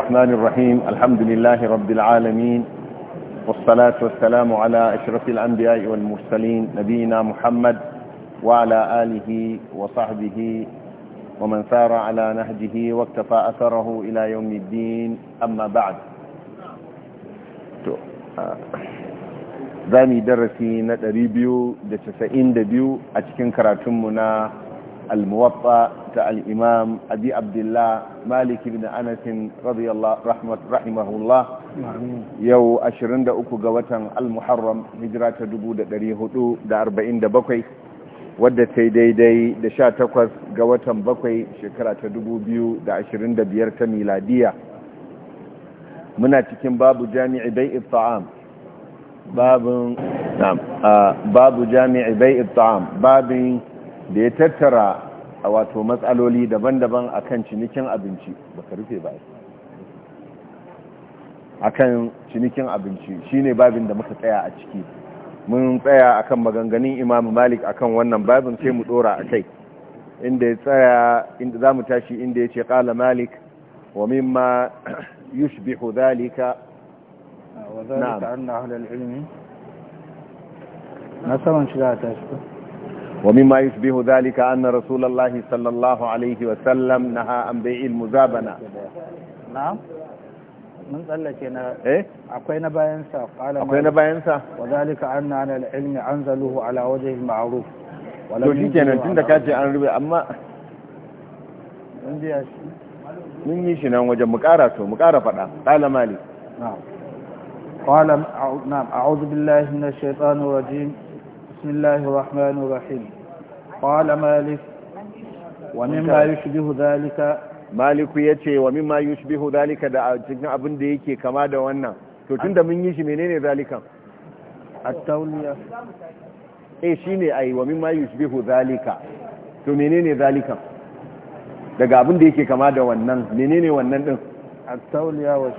الرحمن الرحيم الحمد لله رب العالمين والصلاة والسلام على أشرف الأنبياء والمرسلين نبينا محمد وعلى آله وصحبه ومن سار على نهجه واكتفى أثره إلى يوم الدين أما بعد زامي درسي نتريبيو دتسعين دبيو أتكن كراتمنا الموطأ كالإمام أبي عبد الله مالك بن أنس رضي الله رحمة رحمه الله يو أشرند أكو قوة المحرم هجرة دبودة دريهدو دا wadda ta daidai da sha takwas ga watan bakwai shekara ta dubu biyu da ashirin da biyar ta miladiya muna cikin babu jami'i bai ta'am babin babu jami'i bai ta'am babin da ya tattara a wato matsaloli daban-daban a kan cinikin abinci baka rufe ba kan cinikin abinci ne babin da muka tsaya a ciki mun tsaya a kan maganganun Imam Malik a kan wannan babin sai mu dora akai inda ya tsaya inda mu tashi inda ya ce kala Malik wa mimma yushbihu dhalika zalika na saman shiga tashi ومما يشبه ذلك أن رسول الله صلى الله عليه وسلم نهى عن بيع المزابنة نعم mun tsallake na akwai na bayansa akwai na bayansa wa zalika ana al-ilmi anzaluhu ala wajhi al-ma'ruf to shikenan tunda kace an rube amma mun yi shi nan mu ƙara to mu ƙara faɗa qala بسم الله الرحمن الرحيم قال مالك ومما يشبه ذلك مالك يتي ومما يشبه ذلك da cikin abin da yake kama da wannan to tunda mun yi shi menene zalika at-tawliya eh shine ai wa mimma yushbihu zalika to menene kama da wannan menene wannan din at-tawliya wa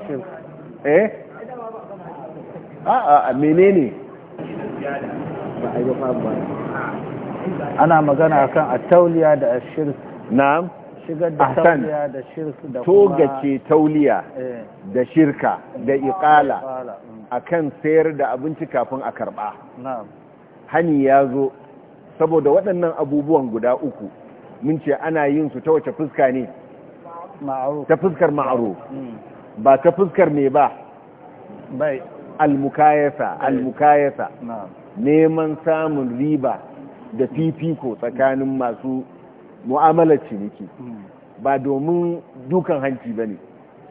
ana magana akan a tauliya da a shirk na'am shigar da tauliya da togace tauliya eh. da shirka da iqala mm. akan sayar da abinci kafin a karba Hani ya zo, saboda waɗannan abubuwan guda uku mun ce ana yin su ta wace fuska ne ta fuskar ma'aro mm. ba ta fuskar ne ba bai al-mukayasa al neman samun riba da fifiko tsakanin masu mu'amalar ciniki ba domin dukan hanci ba ne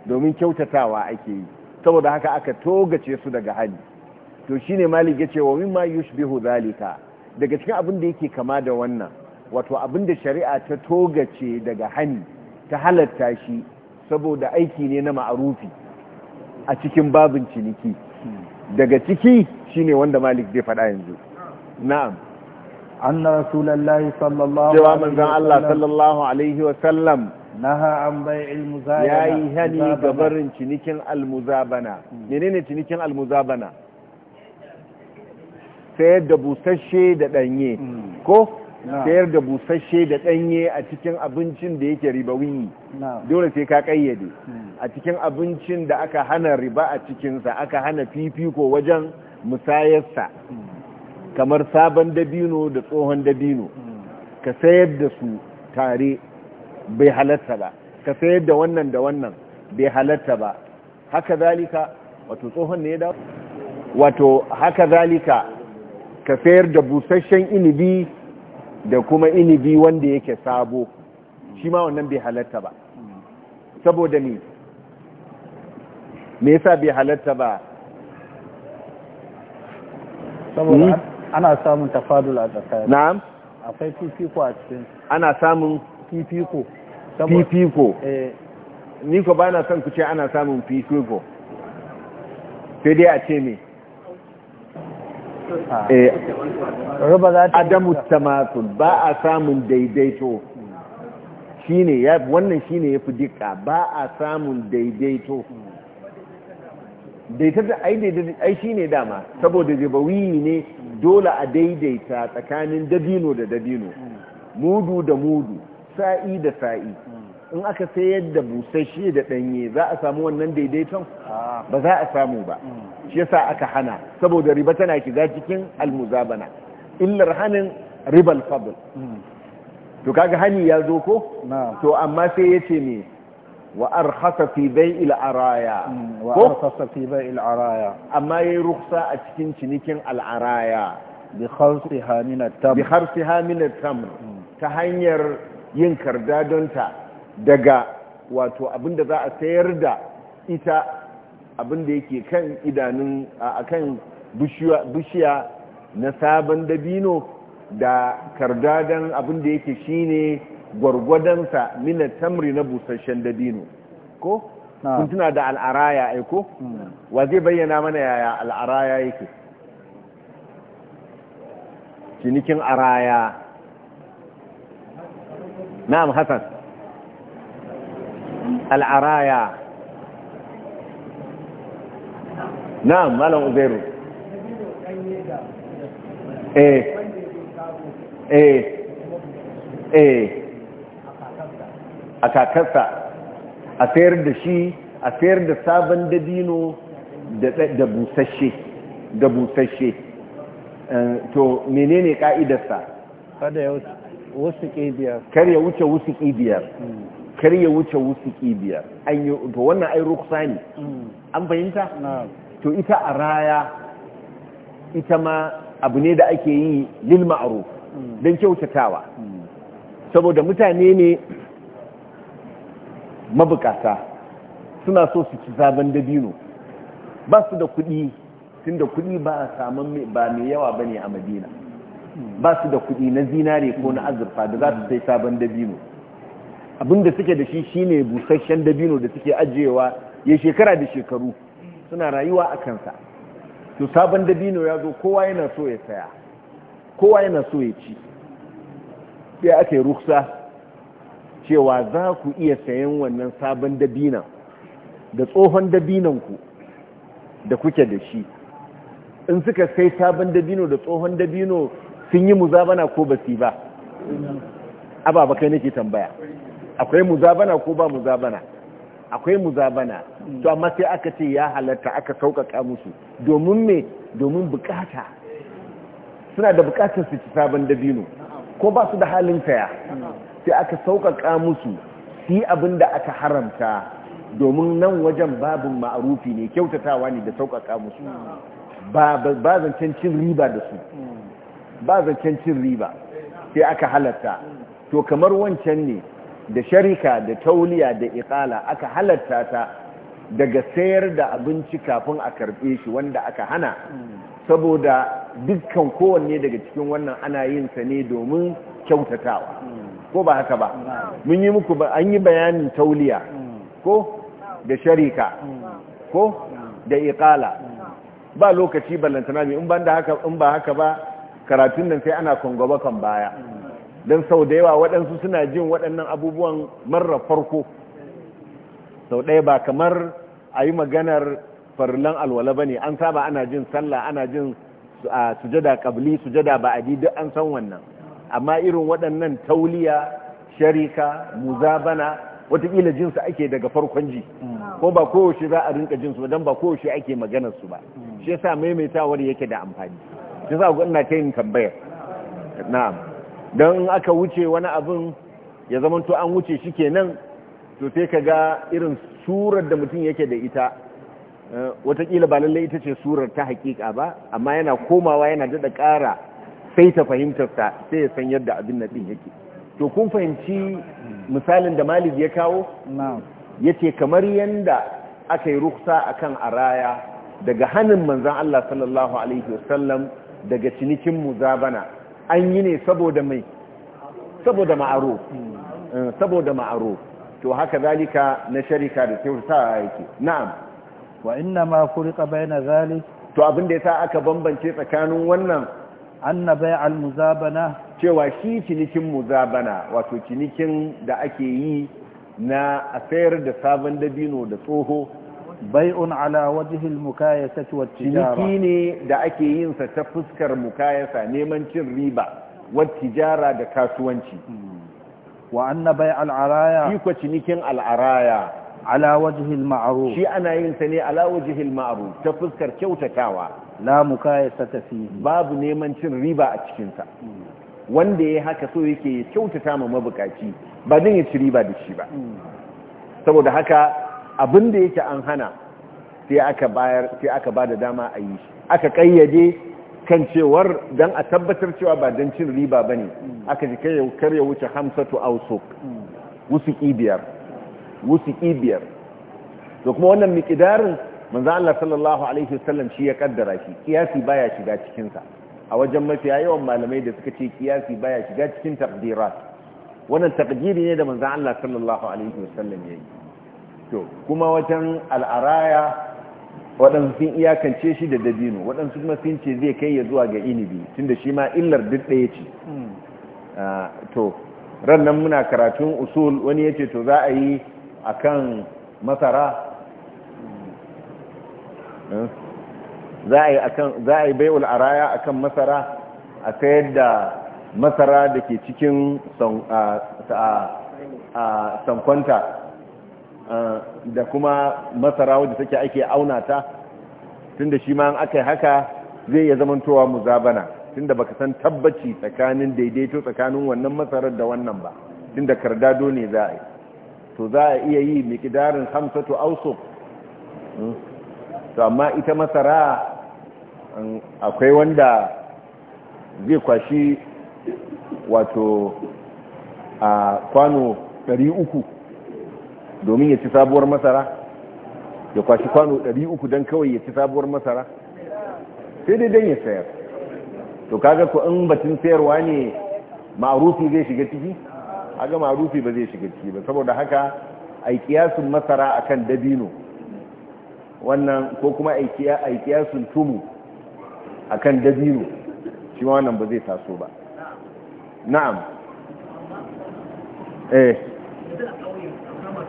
domin kyautatawa ake yi saboda haka aka togace su daga hali to shine malik ya ce wa mimma yushbihu zalika daga cikin abin da yake kama da wannan wato abin da shari'a ta togace daga hani ta halatta shi saboda aiki ne na ma'arufi a cikin babin ciniki daga ciki shine wanda malik zai faɗa yanzu na'am anna rasulullahi sallallahu alaihi wa sallam Allah sallallahu alaihi wa sallam naha an bai'il muzabana yayi hani ga barin cinikin almuzabana hmm. menene cinikin almuzabana sayar da busasshe da danye hmm. ko sayar da busasshe da ɗanye a cikin abincin da yake ribawi dole sai ka ƙayyade hmm. a cikin abincin da aka hana riba a cikinsa aka hana fifiko wajen musayarsa hmm. kamar sabon dabino da tsohon dabino hmm. ka sayar da su tare bai halatta ba ka sayar da wannan da wannan bai halatta ba haka zalika wato tsohon ne da wato haka zalika ka sayar da busasshen inibi da kuma inibi wanda yake sabo shi ma wannan bai halatta ba saboda ni me yasa bai halatta ba saboda hmm? ana samun tafadul a tsakani na'am akwai fifiko a cikin ana samun fifiko fifiko eh. ni ko ba na son ku ce ana samun fifiko sai dai a ce me Eh, adamu tamatun ba a samun daidaito shi ya wannan shi ne ya fi dika ba a samun daidaito daidaita ai shi ai dama saboda jibawi ne dole a daidaita tsakanin dabino da dabino mudu da mudu sa'i da sa'i in aka sayar da shi da ɗanye za a samu wannan daidaiton ba za a samu ba shi yasa aka hana saboda riba tana shiga cikin almuzabana illar hanin ribal fadl to kaga hani ya zo ko to amma sai ya ce ne wa arhasa fi bai'il araya mm, wa arhasa fi bai'il araya amma yayi ruksa a cikin cinikin al'araya bi kharsiha min at-tamr bi kharsiha min at-tamr mm. ta hanyar yin kardadonta daga wato abin da za a sayar da ita abin da yake kan idanun a kan bishiya na sabon dabino da kardadan abin da yake shine gwargwadonsa mina tamri na busasshen dabino ko? kun tuna da al'araya aiko? Hmm. wa zai bayyana mana yaya al'araya yake cinikin araya na'am hassan al'araya na malam uzairu eh eh eh a kakarsa a sayar da shi a sayar da sabon dabino da busasshe da busasshe to menene ka'idarsa kada ya wuce wasu biyar kar ya wuce wusuki biyar kar ya wuce wusuki biyar an yi to wannan ai ruksa ne mm. an fahimta to ita a raya ita ma abu ne da ake yi lil ma'ruf mm. don kyautatawa mm. saboda mutane ne mabukata suna so su ci sabon dabino ba su da kuɗi tun da kuɗi ba a saman ba mai yawa ba ne a madina ba su da kuɗi na zinare ko na azurfa da za su sai sabon dabino abinda suke da shi shine busasshen dabino da suke ajiyewa ya shekara da shekaru suna rayuwa a kansa to sabon dabino ya zo kowa yana so ya saya kowa yana so ya ci sai aka yi ruksa cewa za ku iya sayan wannan sabon dabinan da tsohon dabinanku da kuke da shi in suka sai sabon dabino da tsohon dabino sun yi muzabana ko basi ba ababa kai nake tambaya akwai muzabana ko ba muzabana akwai muzabana to amma sai aka ce ya halatta aka sauƙaƙa musu domin me domin bukata suna da bukatar su ci sabon dabino ko ba su da halin saya sai aka sauƙaƙa musu si abin da aka haramta domin nan wajen babin ma'arufi ne kyautatawa ne da sauƙaƙa musu ba zancen cin riba da su ba zancen cin riba sai aka halatta to kamar wancan ne da sharika da tauliya da iƙala aka halarta ta daga sayar da abinci kafin a karbe shi wanda aka hana saboda dukkan kowanne daga cikin wannan ana yin sa ne domin kyautatawa ko ba haka ba mun yi muku an yi bayanin tauliya ko da sharika ko da ikala ba lokaci ballantana mai in ba haka ba karatun nan sai ana kongoba kan baya don sau da yawa waɗansu suna jin waɗannan abubuwan marar farko sau ɗaya ba kamar a yi maganar farlan alwala ba ne an saba ana jin sallah ana jin sujada kabli sujada ba'adi duk an san wannan amma irin waɗannan tauliya sharika muzabana watakila jinsu ake daga farkon ji ko ba kowace za a rinka jinsu don ba kowace ake maganarsu ba shi yasa maimaitawar yake da amfani shi za a gudunar ta yin tambayar na'am don aka wuce wani abin ya zamanto an wuce shi kenan to sai ka ga irin surar da mutum yake da ita eh, watakila ba lallai ita ce surar ta hakika ba amma yana komawa yana daɗa ƙara sai ta fahimtarsa sai ya san yadda abin na ɗin yake to kun fahimci misalin da malik ya kawo ya ce kamar yadda aka yi ruksa a kan araya daga hannun manzan Allah sallallahu Alaihi wasallam daga cinikin muzabana an yi ne saboda mai saboda ma'aro eh, saboda ma'aro to haka zalika na sharika da a yake na'am wa inna ma furqa baina zalik to abin da yasa aka bambance tsakanin wannan anna bai'al muzabana cewa shi cinikin muzabana wato cinikin da ake yi na a sayar da sabon dabino da tsoho bai'un ala wajihil mukayasati wat tijara ciniki ne da ake yin sa ta fuskar mukayasa neman cin riba wa tijara da kasuwanci hmm. wa anna bai'al araya shi ko cinikin al'araya. araya ala wajihil ma'ruf shi ana yin sa ne ala wajihil ma'ruf ta fuskar kyautatawa la mukayasata fi babu neman cin riba a cikin sa hmm. wanda ya haka so yake kyautata ma mabukaci ba zan ya ci riba da shi ba hmm. saboda haka abin da yake an hana sai aka ba da dama a yi aka kayyade kan cewar don a tabbatar cewa ba don cin riba ba ne aka ji kai kar ya wuce hamsatu auso wusu ibiyar wusu ibiyar to kuma wannan mikidarin manzan Allah sallallahu alaihi wasallam shi ya kaddara shi kiyasi ba ya shiga cikinsa a wajen mafiya yawan malamai da suka ce kiyasi ba ya shiga cikin takdira wannan takdiri ne da manzan Allah sallallahu alaihi wasallam yi. to kuma watan al'araya waɗansu sun iyakance shi da dabino waɗansu kuma sun ce zai kai ya zuwa ga inibi tunda shi ma illar duk ɗaya ce hmm. ah, to rannan muna karatun usul wani ya ce to za a yi a kan masara hmm. za a yi bai'ul araya a kan masara a sayar da masara da ke cikin ah, ah, sankwanta da kuma masara wadda take ake auna ta tunda shi ma aka yi haka zai iya zamantowa muzabana tunda baka san tabbaci tsakanin daidaito tsakanin wannan masarar da wannan ba tunda kardado ne za a yi to za a iya yi mikidarin hamsatu auso hmm. to amma ita masara akwai wanda zai kwashi wato a kwano 300 domin ya ci sabuwar masara ya kwashi kwano 300 don kawai ya ci sabuwar masara sai dai don ya sayar to kaga ku in batun sayarwa ne ma'arufi zai shiga ciki aga ma'arufi ba zai shiga ciki ba saboda haka ai kiyasun masara a kan dabino wannan ko kuma ai kiyasun tumu kan dabino shi wannan ba zai taso ba na'am eh eh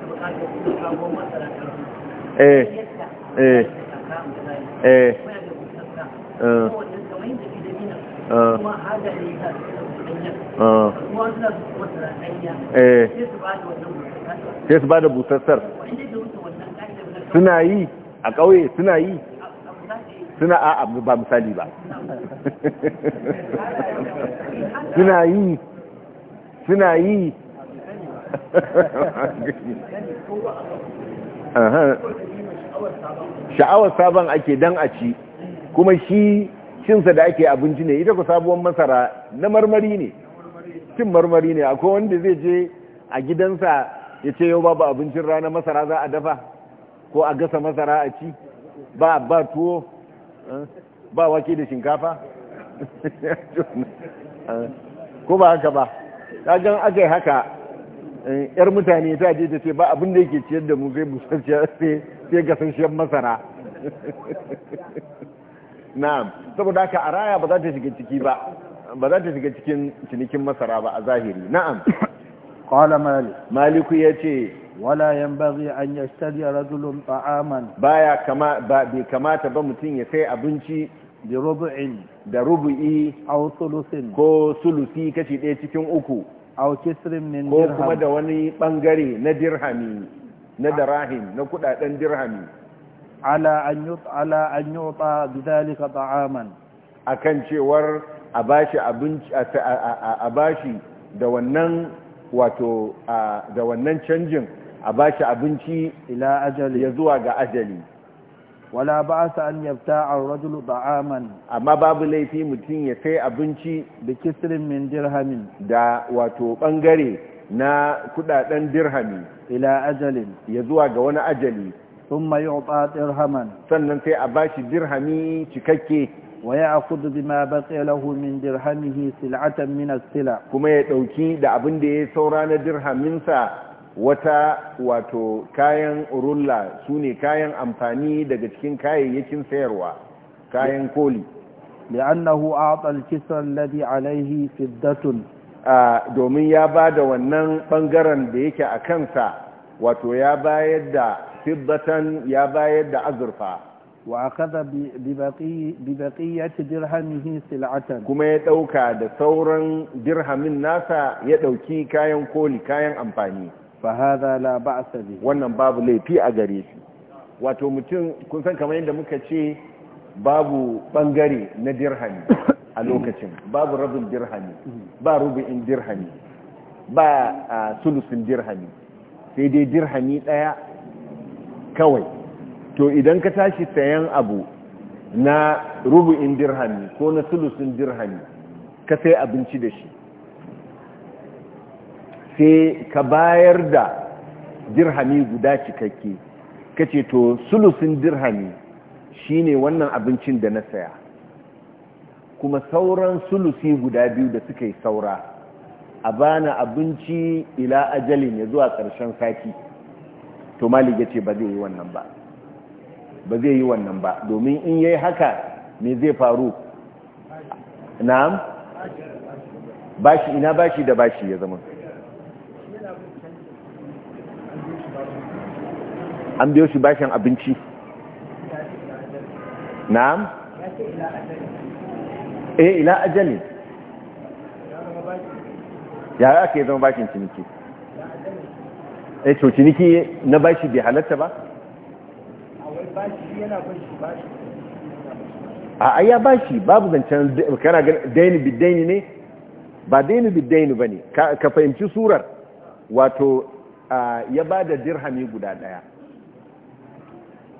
sai su ba da busassar suna yi a ƙauye suna yi suna a abu ba misali ba suna yi suna yi sha'awar sabon ake dan a ci kuma shi cinsa da ake abinci ne ita ku sabuwar masara na marmari ne cin marmari ne akwai wanda zai je a gidansa ya ce yau babu abincin rana masara za a dafa ko a gasa masara a ci ba ba tuwo eh, ba wake da shinkafa eh, ko ba haka ba kagan aka yi haka Eh, yar mutane ta je ta ce ba abin da yake ciyar da mu sai busasshen sai gasasshen masara na'am saboda haka raya ba za ta shiga ciki ba ba za ta shiga cikin cinikin masara ba a zahiri na'am qala malik maliku ce. wala bari an yashtari rajulun ta'aman baya kama ba bai kamata ba mutum ya sai abinci bi da rubu'i ko sulusi kashi ɗaya cikin uku aw kisrin min dirham ko kuma da wani bangare na dirhami na darahim na kudaden dirhami ala an yut ala an yu'ta bidhalika ta'aman akan cewar a bashi abinci a bashi da wannan wato da wannan canjin a bashi abinci ila ajali ya zuwa ga ajali wala ba sa an yabta a rajulu ta'aman amma babu laifi mutum ya kai abinci da kisirin min dirhamin da wato bangare na kudaden dirhami ila ajalin ya zuwa ga wani ajali sun mai yuɓa dirhaman sannan sai a bashi dirhami cikakke wa ya akudu bi ma baƙi lahu min dirhamihi sil'atan min sila kuma ya ɗauki da abin da ya saura na dirhaminsa wata wato kayan rulla su ne kayan amfani daga cikin kayayyakin sayarwa kayan koli li'annahu a'tal kisra alladhi alayhi fiddatun domin ya ba da wannan bangaren da yake a kansa wato ya bayar da fiddatan ya bayar da azurfa wa akhadha bi baqiyati dirhamihi sil'atan kuma ya dauka da sauran dirhamin nasa ya dauki kayan koli kayan amfani fahaza la ba'sa wannan babu laifi a gare shi wato mutum kun san kamar yadda muka ce babu bangare na dirhami a lokacin babu rabin dirhami mm-hmm. ba rubu'in dirhami ba sulusin dirhami sai dai dirhami daya kawai to idan ka tashi sayan abu na rubu'in dirhami ko na sulusin dirhami ka sai abinci da shi sai ka bayar da dirhami guda cikakke ka ce to sulusin dirhami shine wannan abincin da na saya kuma sauran sulusi guda biyu da suka yi saura a bana abinci ila ajalin ya zuwa ƙarshen sati to mali ya ce ba zai yi wannan ba ba zai yi wannan ba domin in yi haka me zai faru na'am bashi ina bashi da bashi ya zama an biyo shi bashin abinci na'am eh ila ajali ya ake zama bashin ciniki eh to ciniki na bashi bai halatta ba a ai ya bashi babu zancen kana daini bidaini ne ba daini bidaini bane ka fahimci surar wato ya bada dirhami guda daya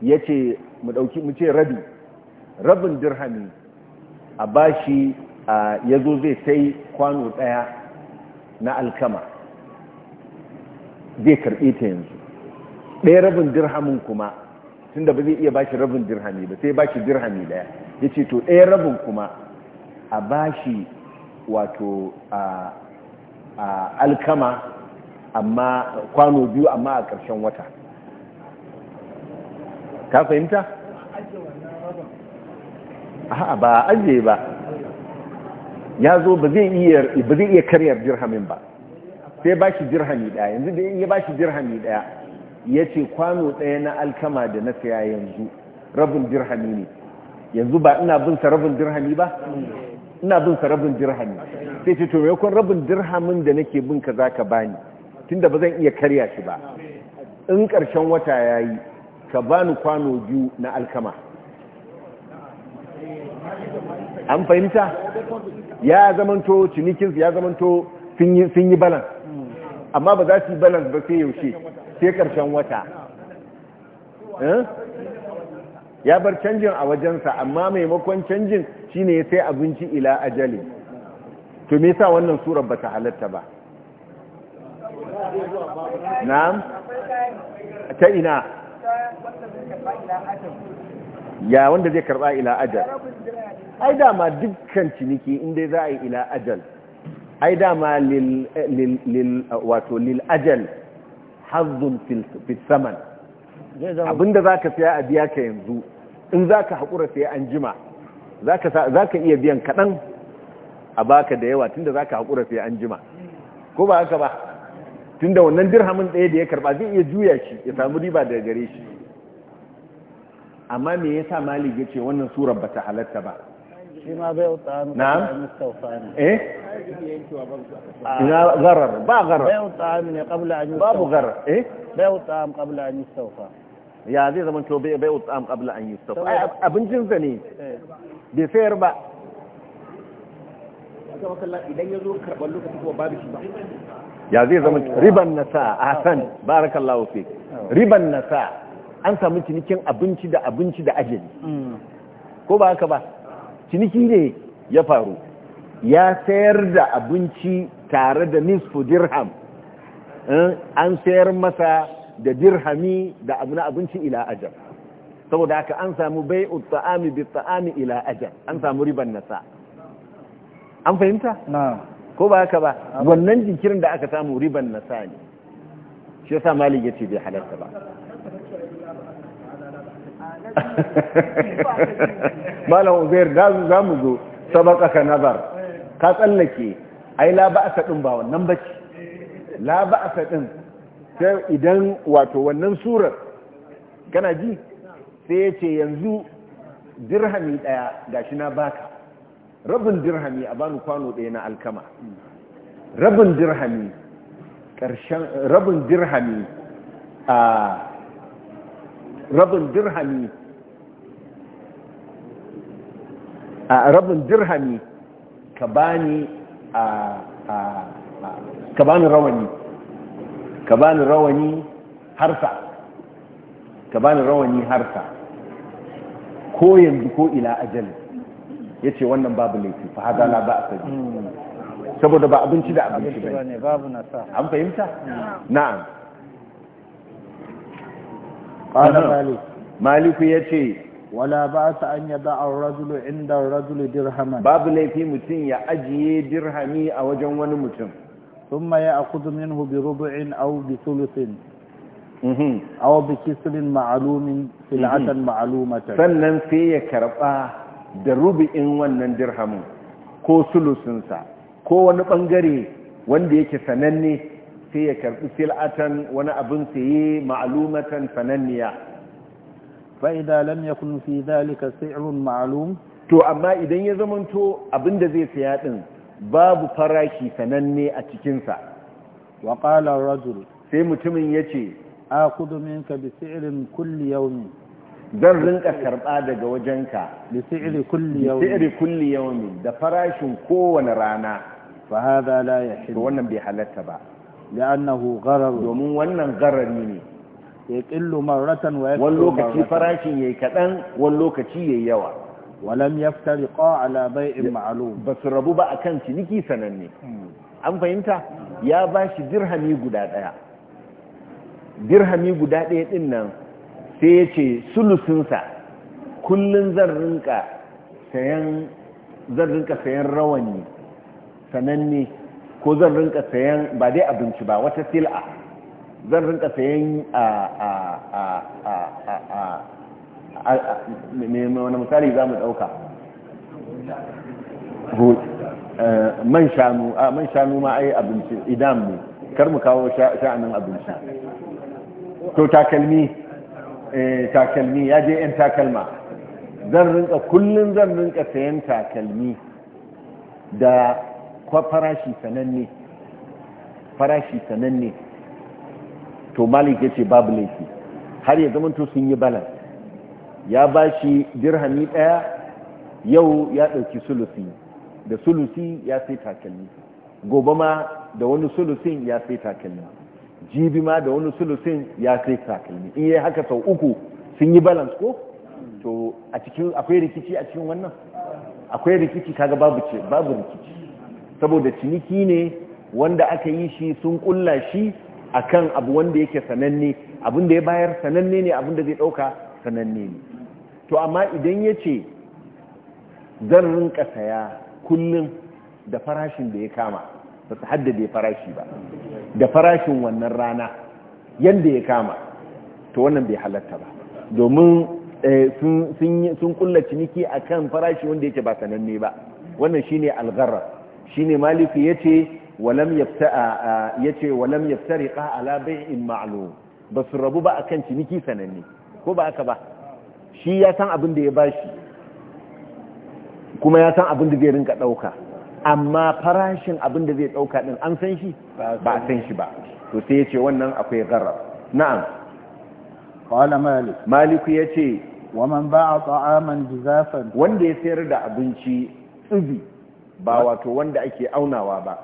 ya ce mu ɗauki mu ce rabi rabin dirhami a bashi ya zo zai sai kwano ɗaya na alkama zai karɓe ta yanzu ɗaya rabin dirhamin kuma tun da ba zai iya bashi rabin dirhami ba sai bashi dirhami ɗaya ya ce to ɗaya rabin kuma a bashi wato alkama amma kwano biyu amma a ƙarshen wata ka fahimta a ba ajiye ba ya zo ba zai iya karyar dirhamin ba sai ba shi dirhami daya yanzu da ya ba shi dirhami daya ya ce kwano daya na alkama da na saya yanzu rabin dirhami ne yanzu ba ina bin sa rabin dirhami ba ina bin sa rabin dirhami sai ce to me kun rabin dirhamin da nake bin ka zaka bani tunda ba zan iya karya shi ba in karshen wata yayi ka bani kwano biyu na alkama an fahimta ya zamanto cinikinsu ya zamanto sun yi balan. amma ba za su yi balans ba sai yaushe sai karshen wata eh? ya bar canjin a wajensa amma maimakon canjin shine ya sai abinci ila ajali to me sa wannan surar bata halatta ba Na? ta ina ya wanda zai karba ila ajal ai dama dukkan ciniki inda za a yi ila ajal ai dama lil eh, eh, wato lil ajal hazzun fil saman abinda za ka saya a biya ka yanzu in za ka haƙura sai an jima za ka iya biyan kaɗan a baka da yawa tunda za ka haƙura sai an jima ko ba haka ba Tun da wannan dirhamin ɗaya da ya karba zai iya juya shi ya samu riba daga gare shi amma me yasa mali ya ce wannan surar ba ta halatta ba shi ma bai wuta mu na'am eh ina zarar ba zarar bai wuta mu ne qabla an yusafa babu zarar eh bai wuta mu qabla an yusafa ya zai zama to bai bai wuta mu qabla an yusafa abincin sa ne eh. bai sayar ba idan ya zo karɓar lokaci ko babu shi ba ya zai zama riban nasa san barakan fi riban nasa an samu cinikin abinci da abinci da ajiyar ko ba haka ba ciniki ne ya faru ya sayar da abinci tare da nisfu dirham eh, an sayar masa da dirhami da abu na abinci ila ajar saboda haka an samu bai utsa'ami bi ila ajar an samu riban nasa an fahimta ko ba haka ba wannan jinkirin da aka samu riban na sa ne shi yasa malik yace bai halarta ba malam uzair za mu zo sabaka ka nazar ka tsallake ai la ba'asa din ba wannan bace la ba'asa din sai idan wato wannan surar kana ji sai yace yanzu dirhami daya gashi na baka rabin dirhami a bani kwano ɗaya na alkama rabin dirhami ƙarshen rabin dirhami a rabin dirhami a rabin dirhami ka bani a ka bani rawani ka bani rawani harsa ka bani rawani harsa ko yanzu ko ila ajali ya ce wannan babu laifi fa haza la ba a saboda ba abinci da abinci ba ne babu nasa an fahimta na'am qala malik maliku yace wala ba sa an yada ar-rajulu inda ar-rajulu dirhaman babu laifi mutum ya ajiye dirhami a wajen wani mutum ثم ياخذ bi بربع او بثلث او بكسر معلوم سلعه معلومه sannan sai ya karba da rub'in wannan dirhamin ko sulusunsa ko wani bangare wanda yake sananne sai ya karbi sil'atan wani abin saye ma'alumatan sananniya Fa'ida idan lam kun fi dhalika si'run ma'alum. to amma idan ya zamanto abin da zai saya din babu faraki sananne a cikinsa. sa wa rajul sai mutumin ya ce minka bi si'rin kulli yawmin zan rinka karɓa daga wajenka lisi'iri kulli yawmin da farashin kowane rana fa hadha la yahil wannan bai halatta ba li'annahu gharar domin wannan gharar ne yaqillu maratan wa yakthuru wani lokaci farashin yayi kadan wani lokaci yayi yawa walam yaftariqa ala bai'in ma'lum su rabu ba akan ciniki sananne an fahimta ya bashi dirhami guda daya dirhami guda daya din nan sai ya ce sulusinsa kullum zan rinka sayan zan rinka sayan rawani sananne ko zan rinka sayan ba dai abinci ba wata sil'a zan rinka sayan a a a a a a wani misali za mu ɗauka eh, man shanu a man shanu ma ai abinci idan ne kar mu kawo sha'anin abinci to takalmi Eh, takalmi ya je yan takalma zan rinka kullum zan rinka sayan takalmi da farashi sananne farashi sananne to malik ya ce babu laifi har ya zama to sun yi balan ya ba shi dirhami ɗaya yau ya ɗauki sulusi da sulusi ya sai takalmi gobe ma da wani sulusin ya sai takalmi jibi ma da wani sulusin ya sai takalmi in yi haka sau uku sun yi balance ko to a cikin akwai rikici a cikin wannan akwai rikici kaga babu ce babu rikici saboda ciniki ne wanda aka yi shi sun kulla shi akan abu wanda yake sananne abin da ya bayar sananne ne abin da zai dauka sananne ne to amma idan ya ce zan rinka saya kullum da farashin da ya kama ba su haddade farashi ba da farashin wannan rana yadda ya kama to wannan bai halatta ba domin eh, sun kulla ciniki a kan farashi wanda yake ba sananne ba wannan shine algarra ne malifi ya ce walam yaftariqa ala in ma'lum ba su rabu ba akan ciniki sananne ko ba aka ba shi ya san abin da ya bashi kuma ya san abin da zai rinka ɗauka. amma farashin abin da zai ɗauka ɗin an san shi ba a san shi ba to sai ya wannan akwai gharar na'am qala malik maliku yace wa man ba'a ta'aman jizafan wanda ya sayar da abinci tsibi ba wato wanda ake aunawa ba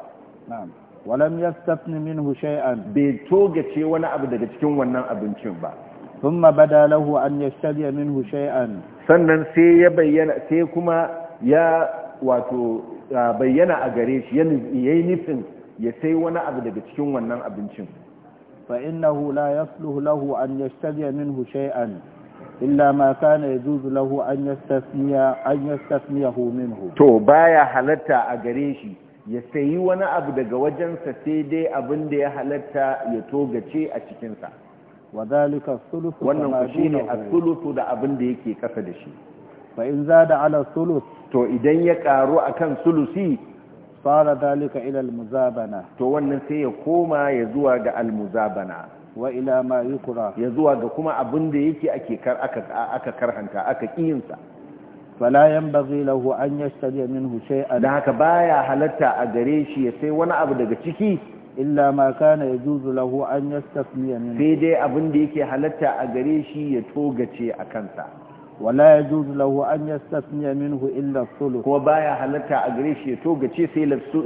na'am walam yastafni minhu shay'an bai togace wani abu daga cikin wannan abincin ba thumma bada lahu an yashtari minhu shay'an sannan sai ya bayyana sai kuma ya wato bayyana a gare shi yayi nufin ya sai wani abu daga cikin wannan abincin fa innahu la yasluhu lahu an yashtabiya minhu shay'an illa ma kana yajuzu lahu an yastasniya an yastasniyahu minhu to baya halatta a gare shi ya sayi wani abu daga wajensa sai dai abin da ya halatta ya togace a cikinsa wadhalika as-sulusu wannan ku shine as da abin da yake kasa da shi fa in zada ala sulus to idan ya karu akan sulusi Fara dalika ila almuzabana to wannan sai ya koma ya zuwa ga almuzabana wa ila ma yukra ya zuwa ga kuma abin da yake ake kar aka aka karhanta aka kiyinsa fala yanbaghi lahu an yashtari minhu shay'an da haka baya halatta a gare shi ya sai wani abu daga ciki illa ma kana yajuzu lahu an yastasmiya min sai dai abin da yake halatta a gare shi ya togace a kansa wala ya juzu lahu an ya sasniya min hu illa sulu ko ba halarta a gare ya to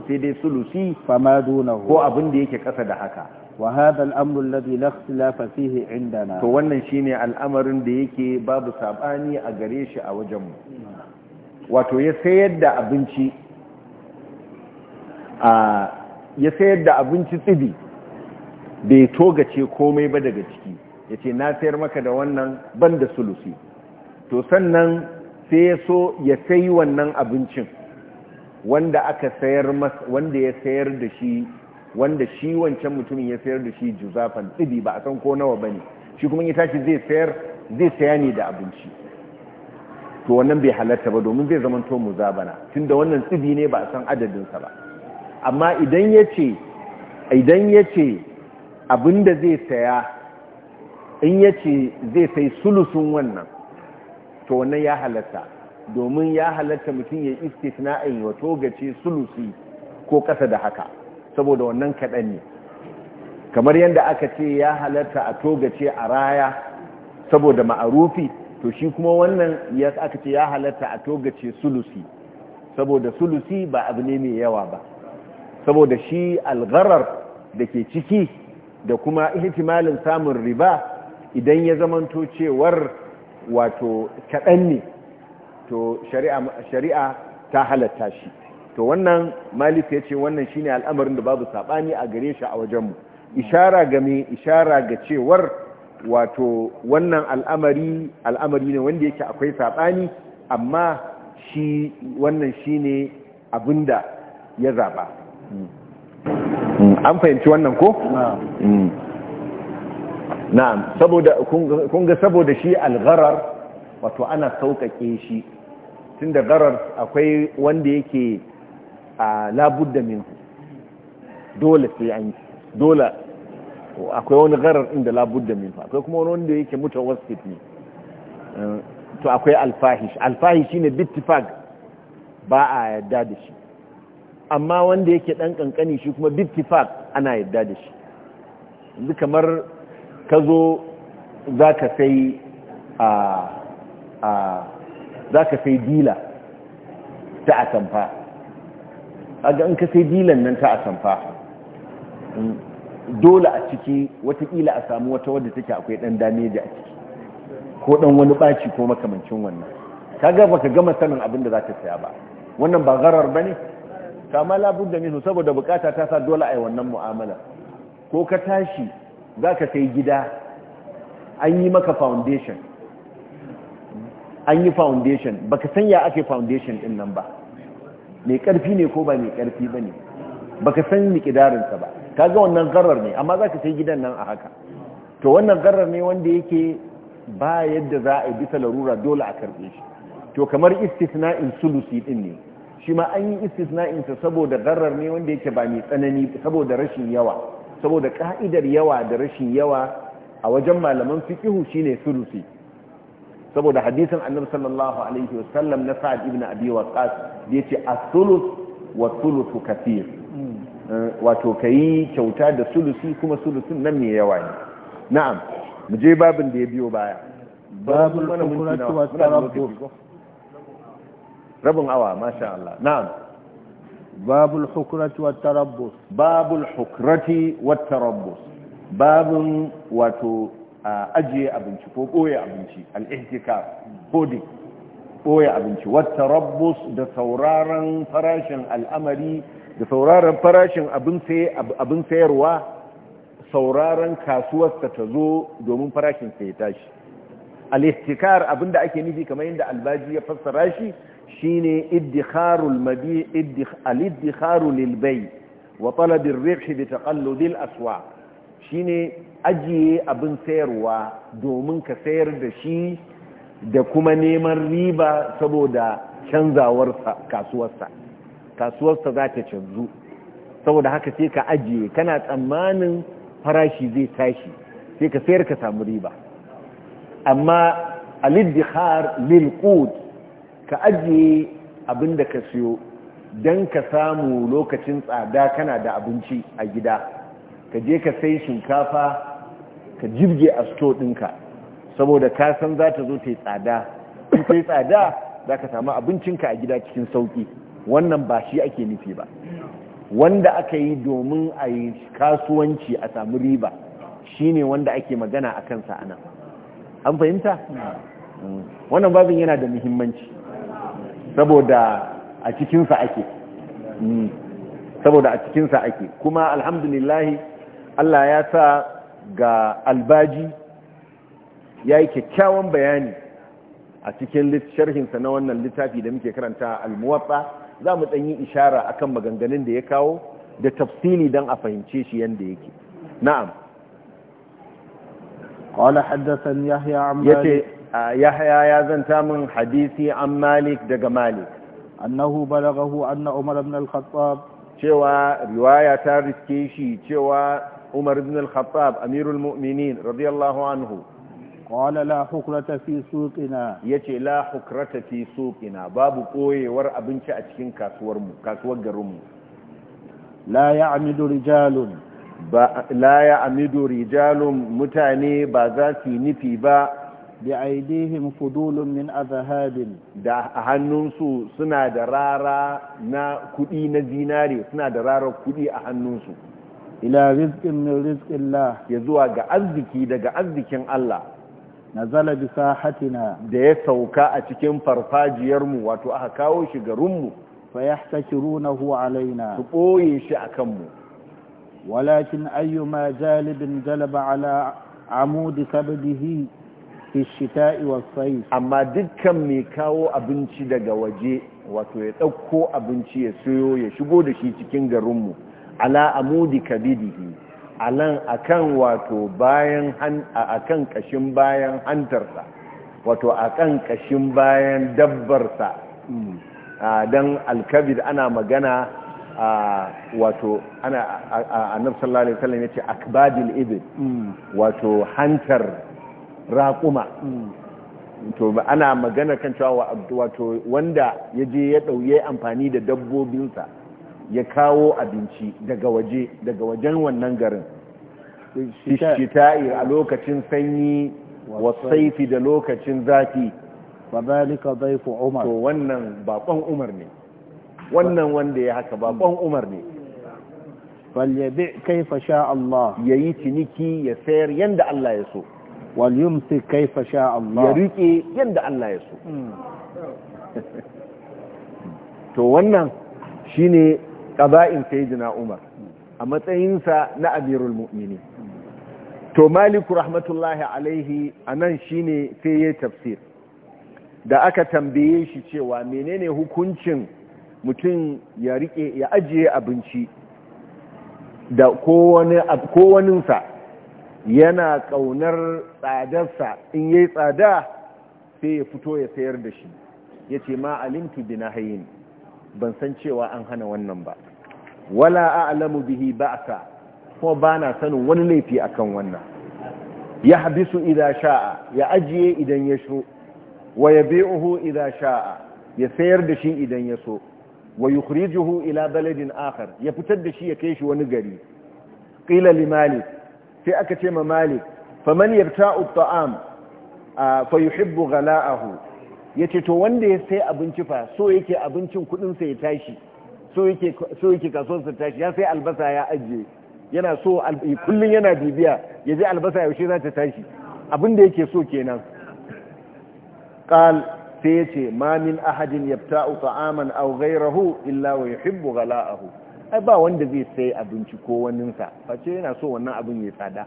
sai dai sulu si fa ma duna ko abin da yake kasa da haka wa hada al amru alladhi la ikhtilafa to wannan shine al amarin da yake babu sabani a gare shi a wajen wato ya sayar da abinci tsibi bai to komai ba daga ciki yace na sayar maka da wannan banda sulusi to sannan sai ya so ya sai wannan abincin wanda aka sayar wanda ya sayar da shi wanda shi wancan mutumin ya sayar da shi juzafan tsibi ba a san ko nawa bane shi kuma ya tashi zai sayar zai saya ne da abinci to wannan bai halarta ba domin zai zama to muzabana tunda wannan tsibi ne ba a san adadinsa ba amma idan yace ce idan ya abinda zai saya in yace zai sai sulusun wannan to wannan ya halatta domin ya halatta mutum ya istisna'in wa togace sulusi ko kasa da haka saboda wannan kaɗan ne kamar yadda aka ce ya halatta a togace a raya saboda ma'arufi to shi kuma wannan ya aka ce ya halatta a togace sulusi saboda sulusi ba abu ne mai yawa ba saboda shi algarar da ke ciki da kuma ihtimalin samun riba idan ya zamanto cewar wato kaɗan ne to shari'a ta halatta shi to wannan malif ya ce wannan shine al'amarin da babu saɓani a gare shi a mu ishara ga me ishara ga cewar wato wannan al'amari al'amari ne wanda yake akwai saɓani amma shi wannan shine abinda ya zaɓa hmm. Hmm. an fahimci wannan ko? na'am saboda kun ga saboda shi algharar wato ana sauƙaƙe shi tunda gharar akwai wanda yake a labudda min dole sai an dole akwai wani gharar inda labudda minhu akwai kuma wani wanda yake mutawassit ne to akwai alfahish alfahish ne bittifaq ba a yadda da shi amma wanda yake dan kankani shi kuma bittifaq ana yadda da shi kamar ka zo za ka sai a za ka sai dila ta atamfa aga in ka sai dilan nan ta atamfa dole a ciki watakila a samu wata wadda take akwai dan dameji a ciki ko dan wani baci ko makamancin wannan kaga baka gama sanin abin da za ka saya ba wannan ba gharar bane kama labudda ne saboda bukata ta sa dole a yi wannan mu'amala ko ka tashi za ka sai gida an yi maka foundation an yi foundation ba ka sanya ake foundation ɗin nan ba mai ƙarfi ne ko ba mai ƙarfi ba ne ba ka san ƙidarinsa ba ka ga wannan garar ne amma za ka sai gidan nan a haka to wannan garar ne wanda yake ba yadda za a yi bisa larura dole a karɓe shi to kamar istisna'in sulusi ɗin ne shi ma an yi istisna'insa saboda garar ne wanda yake ba mai tsanani saboda rashin yawa saboda ka'idar yawa da rashin yawa a wajen malaman fiqihu shine sulusi saboda hadisin annabi sallallahu alaihi wasallam na sa'ad ibn abi waqqas da yace as-sulus wa sulusu kathir eh, wato kai kyauta da sulusi kuma sulusin nan ne yawa ne na'am mu je babin da ya biyo baya babul kunatu wa rabin awa masha Allah na'am باب الحكرة والتربص باب الحكرة والتربص باب واتو أجي أبنشي فوقوية أبنشي الاحتكار بودي ɓoye abinci wata rabbus da sauraron farashin al'amari da sauraron farashin abin sayarwa sauraron kasuwarsa ta zo domin farashin ya tashi al'istikar abinda ake nufi kamar yadda albaji ya fassara shi shine iddikharul mabi al-iddikharu lil bay wa talab ar-ribh bi taqallud aswa shine ajiye abin sayarwa domin ka sayar da shi da kuma neman riba saboda canzawar kasuwarsa kasuwarsa za ta canzu saboda haka sai ka ajiye kana tsammanin farashi zai tashi sai ka sayar ka samu riba amma al-iddikhar lil ka ajiye abin da ka siyo don ka samu lokacin tsada kana da abinci a gida ka je ka sai shinkafa ka jirge a sto ɗinka saboda ka san za ta zo ta yi tsada in ta yi tsada za ka samu abincinka a gida cikin sauƙi wannan ba shi ake nufi ba wanda aka yi domin a yi kasuwanci a samu riba shi ne wanda ake magana a kansa ana an fahimta? Hmm. wannan babin yana da muhimmanci saboda a cikinsa ake mm. saboda a cikinsa ake kuma alhamdulillahi Allah ya sa ga albaji ya yi kyakkyawan bayani a cikin sharhinsa na wannan littafi da muke karanta almuwatsa za mu ɗanyi ishara akan maganganun da ya kawo da tafsili don a fahimce shi yadda yake na'am قال حدثني يحيى عن مالك yahya ya zanta min hadisi an malik daga malik annahu balagahu anna umar ibn al-khattab cewa riwaya ta riske shi cewa umar ibn al-khattab amirul mu'minin radiyallahu anhu qala la hukrata fi suqina yace la hukrata fi suqina babu koyewar abinci a cikin kasuwar mu kasuwar garin mu la ya'midu rijalun ba la ya'midu rijalun mutane ba za su nufi ba bi aidihim fudulun min azhabin da a hannunsu suna da rara na kudi na zinare suna da rarar kudi a hannunsu ila rizqin min rizqillah ya zuwa ga arziki daga arzikin Allah nazala bi sahatina da ya sauka a cikin farfajiyar mu wato aka kawo shi garin mu fa yahtakirunahu alaina su boye shi akan mu walakin ayyuma jalibin jalaba ala amudi kabdihi fi shita'i amma dukkan mai kawo abinci daga waje wato ya dauko abinci ya soyo ya shigo da shi cikin garin mu ala amudi kabidihi alan akan wato bayan akan kashin bayan hantarsa wato akan kashin bayan dabbarsa mm. dan alkabid ana magana wato ana annab sallallahu alaihi wasallam yace akbadil ibid mm. wato hantar raƙuma hmm. to ba ana magana kan cewa wato wanda ya je ya ɗauye amfani da dabbobinsa ya kawo abinci daga waje daga wajen wannan garin shita'i a lokacin sanyi wasaifi da lokacin zafi ba umar to wannan bakon umar ne wannan wanda ya haka bakon hmm. umar ne falyabi kaifa sha Allah yayi ciniki ya sayar yanda Allah ya so wal yumsik kaifa sha Allah ya rike yanda Allah ya so hmm. to wannan shine qaba'in sayyidina Umar a matsayinsa na amirul mu'mini to maliku rahmatullahi alaihi anan shine sai ya tafsir da aka tambaye shi cewa menene hukuncin mutum ya rike ya ajiye abinci da kowaninsa yana ƙaunar tsadarsa in yayi tsada sai ya fito ya sayar da shi ya ce ma alimtu bi nahayin ban san cewa an hana wannan ba wala a'lamu bihi ba'sa kuma bana sanin wani laifi akan wannan ya habisu idan sha'a ya ajiye idan ya so wa yabi'uhu idan sha'a ya sayar da shi idan ya so wa yukhrijuhu ila baladin akhar ya fitar da shi ya kai shi wani gari qila li malik sai aka ce ma malik faman yabta'u at'am fa yuhibbu ghala'ahu yace to wanda ya sai abinci fa so yake abincin kudin sa ya tashi so yake so yake kasuwar sa tashi ya sai albasa ya ajiye yana so kullun yana bibiya yaje albasa yaushe za ta tashi abin da yake so kenan qal sai yace ma min ahadin yabta'u ta'aman aw ghayrahu illa wa yuhibbu ghala'ahu ai ba wanda zai sai abinci ko waninsa face yana so wannan abin ya tsada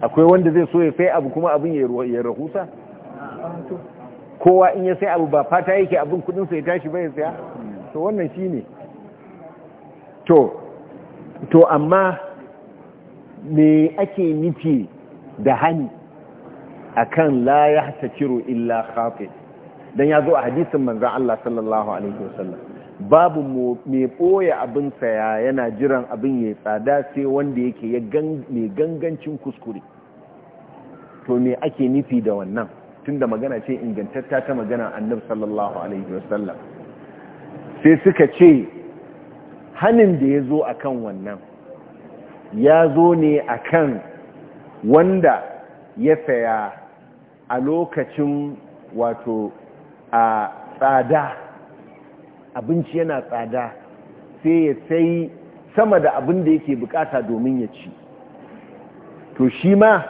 akwai wanda zai so ya sai abu kuma abin ya rahusa kowa in ya sai abu ba fata yake abin kudinsa ya tashi bai saya to wannan shi ne to amma me ake nufi da hani akan la ya illa khafi dan ya zo a hadisin manzan Allah sallallahu alaihi wasallam babu mai ɓoye abin saya yana jiran abin ya tsada sai wanda yake mai gangancin kuskure to me ake nufi da wannan tunda magana ce ingantatta ta magana annab sallallahu alaihi wasallam sai suka ce hannun da ya zo akan wannan ya zo ne akan wanda ya saya a lokacin wato a tsada abinci yana tsada sai ya sai sama da abin da yake bukata domin ya ci to shi ma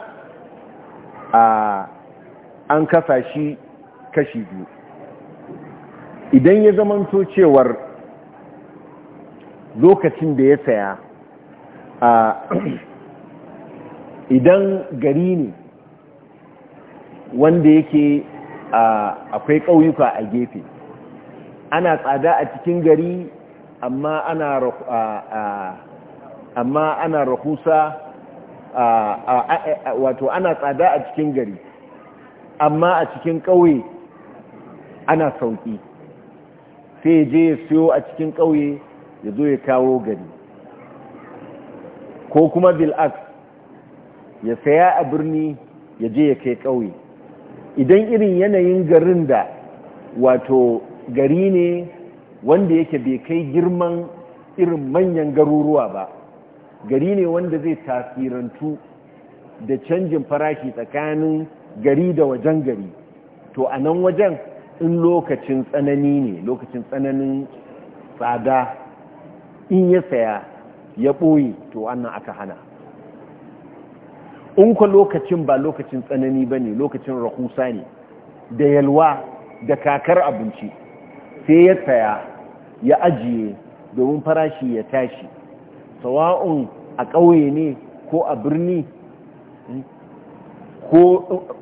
an kasa shi kashi biyu idan ya zamanto cewar lokacin da ya saya idan gari ne wanda yake akwai ƙauyuka a gefe ana tsada a cikin gari amma ana rahusa wato ana tsada a cikin gari amma a cikin ƙauye ana sauƙi sai je ya siyo a cikin ƙauye ya zo ya kawo gari ko kuma bil'ak ya saya a birni ya je ya kai ƙauye idan irin yanayin garin da wato gari ne wanda yake bai kai girman irin manyan garuruwa ba gari ne wanda zai tasirantu da canjin farashi tsakanin gari da wajen gari to a nan wajen in lokacin tsanani ne lokacin tsananin tsada in ya saya ya ɓoye to wannan aka hana in kwa lokacin ba lokacin tsanani ba ne lokacin rahusa ne da yalwa da kakar abinci sai ya saya ya ajiye domin farashi ya tashi sawa'un a ƙauye ne ko a birni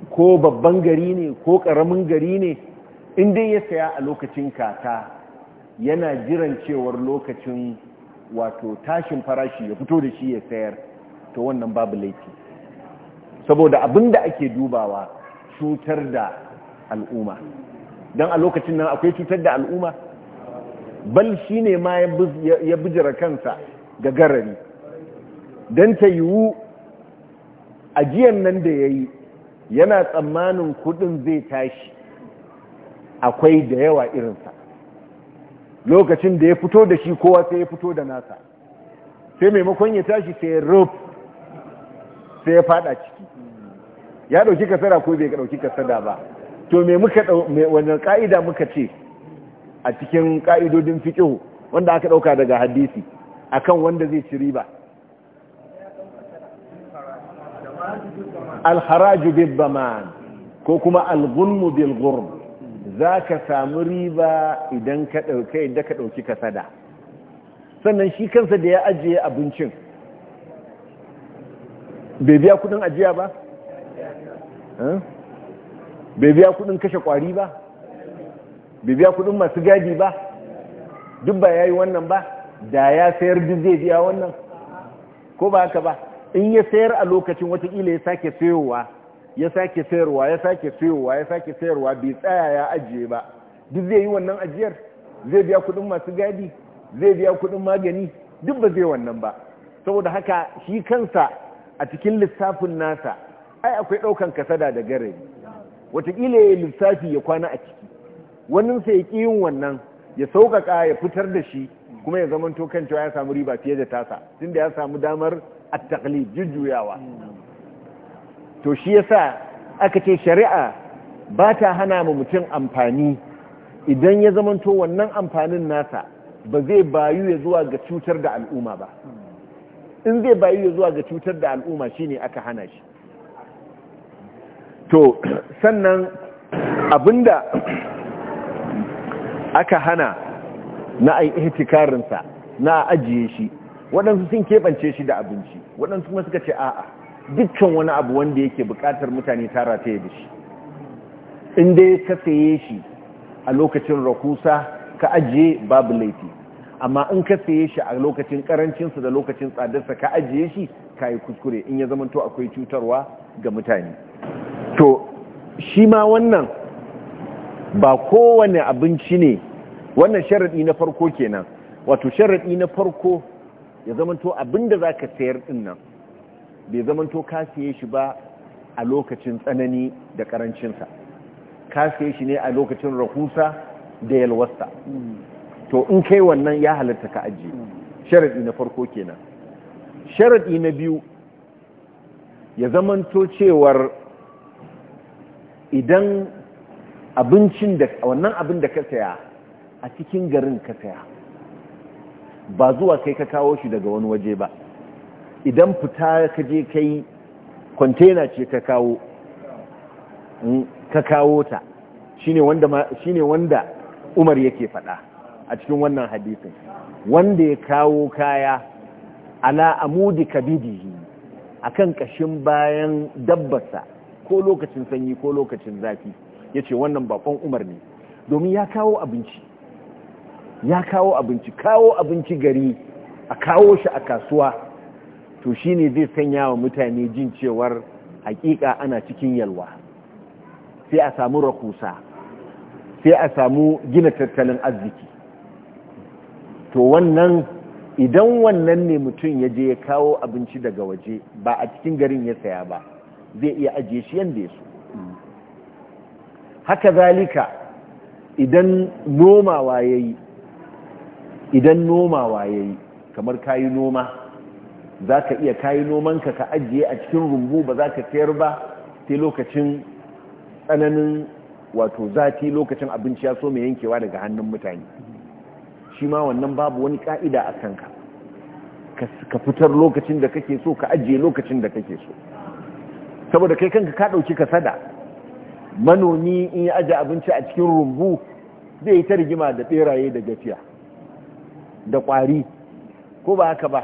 ko babban gari ne ko ƙaramin gari ne inda ya saya a lokacin kata yana jiran cewar lokacin wato tashin farashi ya fito da shi ya sayar to wannan babu laifi saboda abinda ake dubawa cutar da al'umma don a lokacin nan akwai cutar da al'umma bal shi ne ma ya bijira kansa ga garari don ta yiwu ajiyan nan da ya yi yana tsammanin kudin zai tashi akwai da yawa irinsa lokacin da ya fito da shi kowa sai ya fito da nasa sai maimakon ya tashi sai ya rope sai ya fada ciki ya dauki kasara ko bai dauki kasada ba to me muka wanda ka'ida muka ce a cikin ka'idodin fiqh wanda aka ɗauka daga hadisi akan wanda zai ci riba alharaju bibbaman ko kuma algunmu bilgurm za ka samu riba idan ka ɗauka da ka ɗauki kasada sannan shi kansa da ya ajiye abincin bai biya kudin ajiya ba? bai biya kudin kashe kwari ba bai biya kudin masu gadi ba duk ba ya yi wannan ba da ya sayar duk zai biya wannan ko ba haka ba in ya sayar a lokacin watakila ya sake sayowa ya sake sayarwa ya sake sayowa ya sake sayarwa bai tsaya ya ajiye ba duk zai yi wannan ajiyar zai biya kudin masu gadi zai biya kudin magani duk ba zai wannan ba saboda haka shi kansa a cikin lissafin nasa ai akwai daukan kasada da garari watakila ya yi lissafi ya kwana a ciki wannan sai ya ƙi yin wannan ya sauƙaƙa ya fitar da shi kuma ya zama kan cewa ya samu riba fiye da tasa tunda ya samu damar a taqlid jujjuyawa to shi ya sa aka ce shari'a ba ta hana ma mutum amfani idan ya zamanto wannan amfanin nasa ba zai bayu ya zuwa ga cutar da al'umma ba in zai bayu ya zuwa ga cutar da al'umma shi ne aka hana shi to sannan abinda aka hana na ai na ajiye shi waɗansu sun keɓance shi da abinci waɗansu kuma suka ce a'a dukkan wani abu wanda yake buƙatar mutane tara ta da shi in dai ka saye shi a lokacin rakusa ka ajiye babu laifi amma in ka saye shi a lokacin karancinsa da lokacin tsadarsa ka ajiye shi ka yi kuskure in ya zama zamanto akwai cutarwa ga mutane to shi ma wannan ba kowane abinci ne wannan sharaɗi na farko kenan wato sharaɗi na farko ya zamanto abinda za ka sayar ɗin nan bai zamanto ka siye shi ba a lokacin tsanani da ƙarancinsa ka siye shi ne a lokacin rahusa da yalwasta to in kai wannan ya halatta ka ajiye sharaɗi na farko kenan sharaɗi na biyu ya zamanto cewar idan abincin da wannan abin da ka saya a cikin garin ka saya ba zuwa kai ka kawo shi daga wani waje ba idan fita ka je kai kwantena ce ka kawo hmm, ka kawo ta shi ne wanda Umar yake faɗa a cikin wannan hadisin wanda ya kawo kaya ala amudi kabidihi akan kashin bayan dabbasa ko lokacin sanyi ko lokacin zafi ya ce wannan bakon umar ne domin ya kawo abinci ya kawo abinci kawo abinci gari a kawo shi a kasuwa to shi ne zai sanya wa mutane jin cewar hakika ana cikin yalwa sai a samu rahusa sai a samu gina tattalin arziki to wannan idan wannan ne mutum ya je ya kawo abinci daga waje ba a cikin garin ya saya ba zai iya ajiye shi yadda ya so haka zalika idan nomawa ya yi idan nomawa ya yi kamar kayi noma za ka iya kayi noman ka ka ajiye a cikin rumbu ba za ka sayar ba sai lokacin tsananin wato zafi lokacin abinci ya so mai yankewa daga hannun mutane shi ma wannan babu wani ka'ida a kanka ka fitar lokacin da kake so ka ajiye lokacin da kake so saboda kai kanka ka ɗauki kasada manomi in ya aje abinci a cikin rumbu zai yi ta rigima da ɓeraye da gafiya da ƙwari ko ba haka ba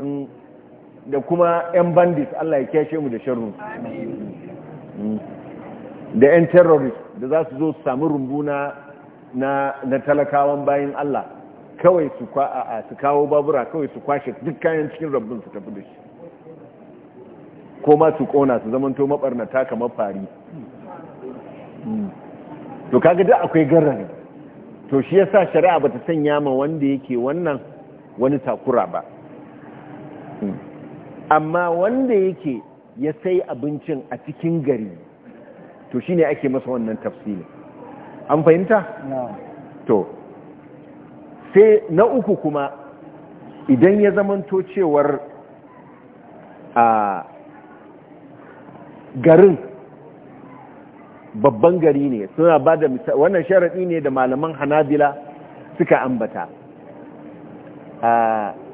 mm, da kuma 'yan bandit Allah ya kyashe mu da sharru mm, da 'yan terrorist da za su zo su samu rumbu na talakawan bayan Allah kawai su kawo babura kawai su kwashe duk kayan cikin rabbin su tafi da shi ko ma su kona su zamanto mabarnata kamar fari hmm. to kaga duk akwai garari to shi yasa shari'a bata sanya ma wanda yake wannan wani takura ba hmm. amma wanda yake ya sai abincin a cikin gari to shine ake masa wannan tafsiri an fahimta to sai na uku kuma idan ya zamanto cewar a ah, garin babban gari ne suna ba da wannan sharaɗi ne da malaman hanabila suka ambata a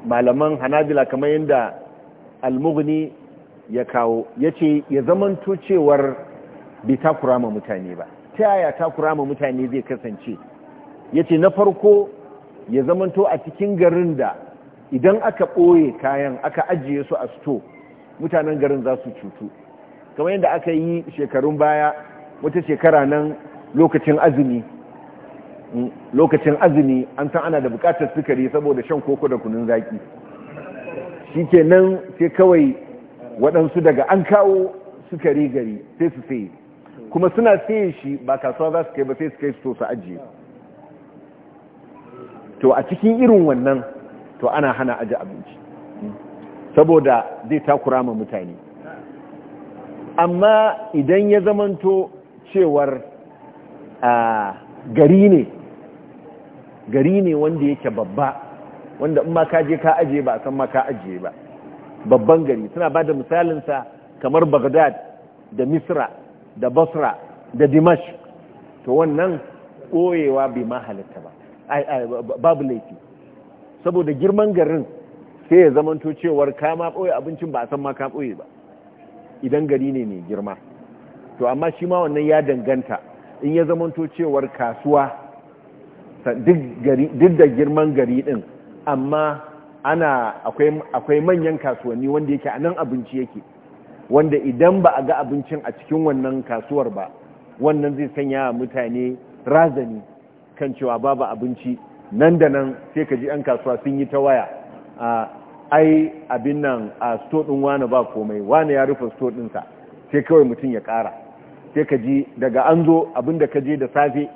malaman hanabila kamar yadda almughni ya kawo ya ce ya zamanto cewar bai takura ma mutane ba ta yaya takura ma mutane zai kasance ya ce na farko ya zamanto a cikin garin da idan aka ɓoye kayan aka ajiye su a sto mutanen garin za su cutu kamar yadda aka yi shekarun baya wata shekara nan lokacin azumi mm, lokacin azumi an san ana da bukatar sukari saboda shan koko da kunun zaki ke nan sai kawai waɗansu daga an kawo sukari gari sai su sai kuma suna sai shi ba kasuwa za su kai ba sai su kai su su ajiye to a cikin irin wannan to ana hana aji abinci saboda zai takura ma mutane amma idan ya zamanto cewar gari ne gari ne wanda yake babba wanda in ka je ka ajiye ba san ma ka ajiye ba babban gari suna ba da misalinsa kamar bagdad da misra da basra da dimash to wannan koyewa bai ma halitta ba babu laifi saboda girman garin sai ya zamanto cewar kama ma ɓoye abincin ba a san ma ka ɓoye ba idan gari ne mai girma to amma shi ma wannan ya danganta in ya zamanto cewar kasuwa duk da girman gari din amma ana akwai manyan kasuwanni wanda yake a nan abinci yake wanda idan ba a ga abincin a cikin wannan kasuwar ba wannan zai sanya wa mutane razani kan cewa babu abinci nan da nan sai ka ji 'yan kasuwa sun yi ta waya ai abin nan a store din wani ba komai wani ya rufe store sa sai kawai mutum ya kara sai ka ji daga an zo abin da ka je da safe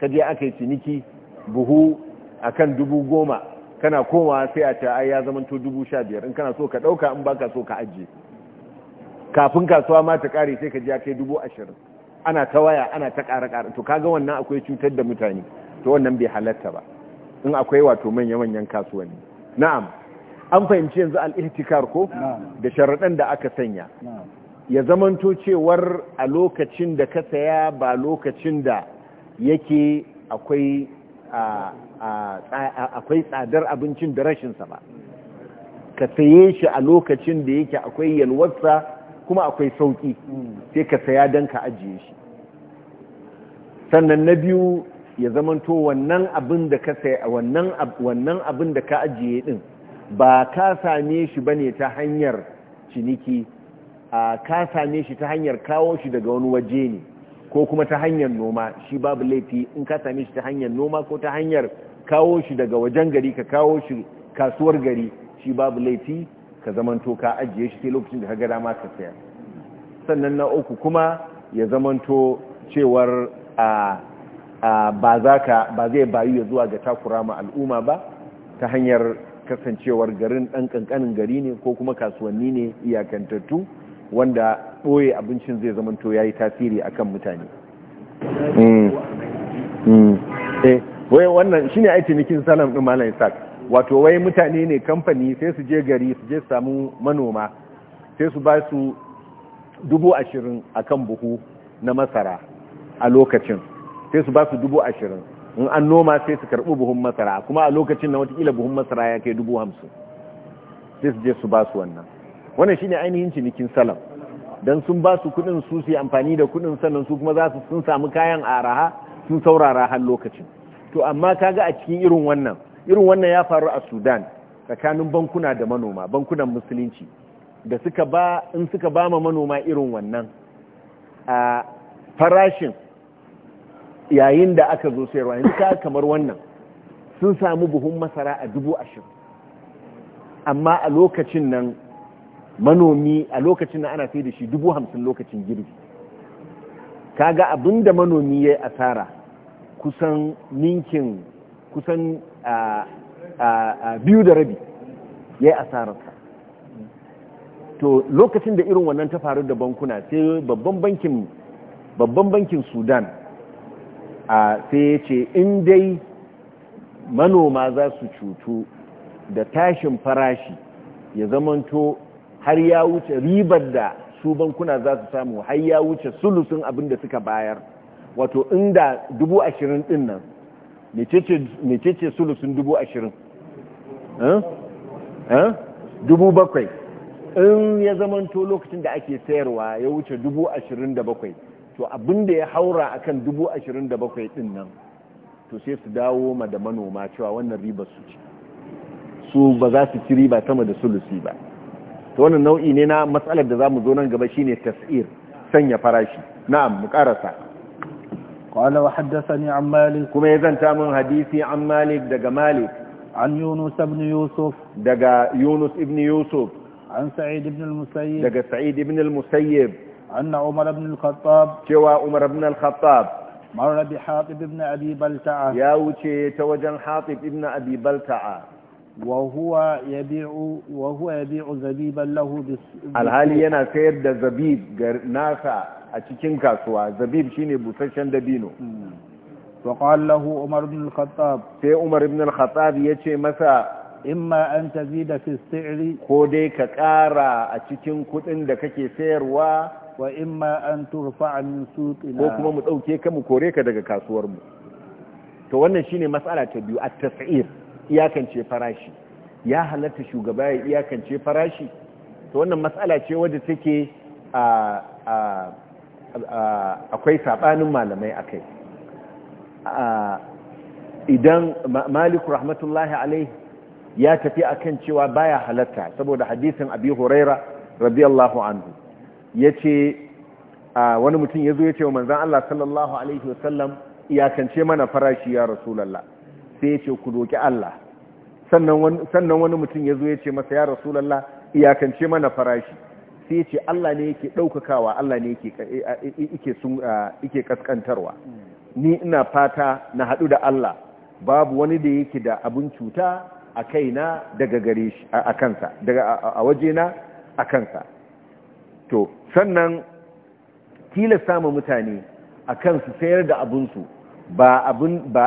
ka je aka yi ciniki buhu a kan dubu goma kana komawa sai a ta ai ya zamanto dubu sha biyar in kana so ka ɗauka in baka so ka ajiye kafin kasuwa ma ta kare sai ka ji ya yi dubu ashirin ana ta waya ana ta ƙara ƙara to kaga wannan akwai cutar da mutane to wannan bai halatta ba in akwai wato manya-manyan kasuwanni na'am an fahimci yanzu al'ihtikar ko da sharaɗan da aka sanya ya zamanto cewar a lokacin da ka saya ba lokacin da yake akwai tsadar abincin da rashinsa ba ka saye shi a lokacin da yake akwai yalwarsa kuma akwai sauƙi hmm. sai ka saya don ka ajiye shi sannan na biyu ya zamanto wannan abin da ka wannan abin da ka ajiye ɗin ba ka same shi ba ne ta hanyar ciniki a ka same shi ta hanyar kawo shi daga wani waje ne ko kuma ta hanyar noma shi babu laifi in ka same shi ta hanyar noma ko ta hanyar kawo shi daga wajen gari ka kawo shi kasuwar gari shi babu laifi ka zamanto ka ajiye shi sai lokacin da ka gada ma ka saya sannan na uku kuma ya zamanto cewar a ba za ka ba zai bayu ya zuwa ga takura ma al'umma ba ta hanyar kasancewar garin ɗan ƙanƙanin gari ne ko kuma kasuwanni ne iyakantattu wanda ɓoye abincin zai zama to ya yi tasiri a kan mutane mm. Mm. Eh, wai wannan shi ne aiki nikin salam ɗin malam isaac wato wai mutane ne kamfani sai su je gari su je samu manoma sai su ba su dubu ashirin a kan buhu na masara a lokacin sai su ba su dubu ashirin in an noma sai su karɓi buhun masara kuma a lokacin na watakila buhun masara ya kai dubu hamsin sai su je su ba su wannan wannan shine ainihin cinikin salam don sun ba su kuɗin su su amfani da kuɗin sannan su kuma za su sun samu kayan araha sun saurara har lokacin to amma ka ga a cikin irin wannan irin wannan ya faru a sudan tsakanin bankuna da manoma bankunan musulunci da suka ba in suka ba ma manoma irin wannan a farashin yayin da aka zo sayarwa yanzu ka kamar wannan sun samu buhun masara a dubu ashirin amma a lokacin nan manomi a lokacin nan ana sai da shi dubu hamsin lokacin girbi kaga abin da manomi ya yi asara kusan ninkin kusan biyu da rabi ya yi asararsa to lokacin da irin wannan ta faru da bankuna sai babban bankin sudan a sai ya ce in dai manoma za su cutu da tashin farashi ya zamanto har ya wuce ribar da su bankuna za su samu har ya wuce sulusun abin da suka bayar wato inda dubu ashirin din nan mecece sulusun dubu ashirin eh? Eh? dubu bakwai in ya zamanto lokacin da ake sayarwa ya wuce dubu ashirin da bakwai to abin da ya haura a kan dubu ashirin da bakwai din nan to sai su dawo ma da manoma cewa wannan ribar su ce su ba za su ci riba sama da sulusi ba to wannan nau'i ne na matsalar da za mu zo nan gaba shi ne tas'ir sanya farashi na'am mu karasa qala haddasa ne an malik kuma ya zanta min hadisi an malik daga malik an yunus ibn yusuf daga yunus ibn yusuf an sa'id ibn al-musayyib daga sa'id ibn al-musayyib أن عمر بن الخطاب شوى عمر بن الخطاب مر بحاطب بن أبي بلتعة يا وجه توجن حاطب بن أبي بلتعة وهو يبيع وهو يبيع زبيبا له بس الحالي أنا سير ده زبيب ناسا أتشين كاسوا زبيب شيني بوسشن دبينو وقال له عمر بن الخطاب سي عمر بن الخطاب يتشي مسا imma an tazida fi si'ri ko dai ka ƙara a cikin kuɗin da kake sayarwa wa in ma an turfa min suqina ko kuma mu dauke ka mu kore ka daga kasuwar mu to wannan shine mas'ala ta biyu at-tas'ir iyakance farashi ya halatta shugaba ya iyakance farashi to wannan mas'ala ce wadda take a akwai sabanin malamai akai idan malik rahmatullahi alaihi ya tafi akan cewa baya halatta saboda hadisin abi huraira radiyallahu anhu ya ce wani mutum ya zo ya ce wa manzan Allah sallallahu Alaihi wasallam iyakance mana farashi ya rasulallah sai ya ce ku doki Allah sannan wani mutum ya zo ya ce masa ya rasulallah iyakance mana farashi sai ya ce Allah ne yake ɗaukakawa Allah ne yake eh, eh, eh, kaskantarwa ni ina fata na haɗu da Allah babu wani da yake da abin cuta a kaina daga gare shi a kansa daga a wajena a kansa to sannan tilasta ma mutane akan su sayar da abinsu ba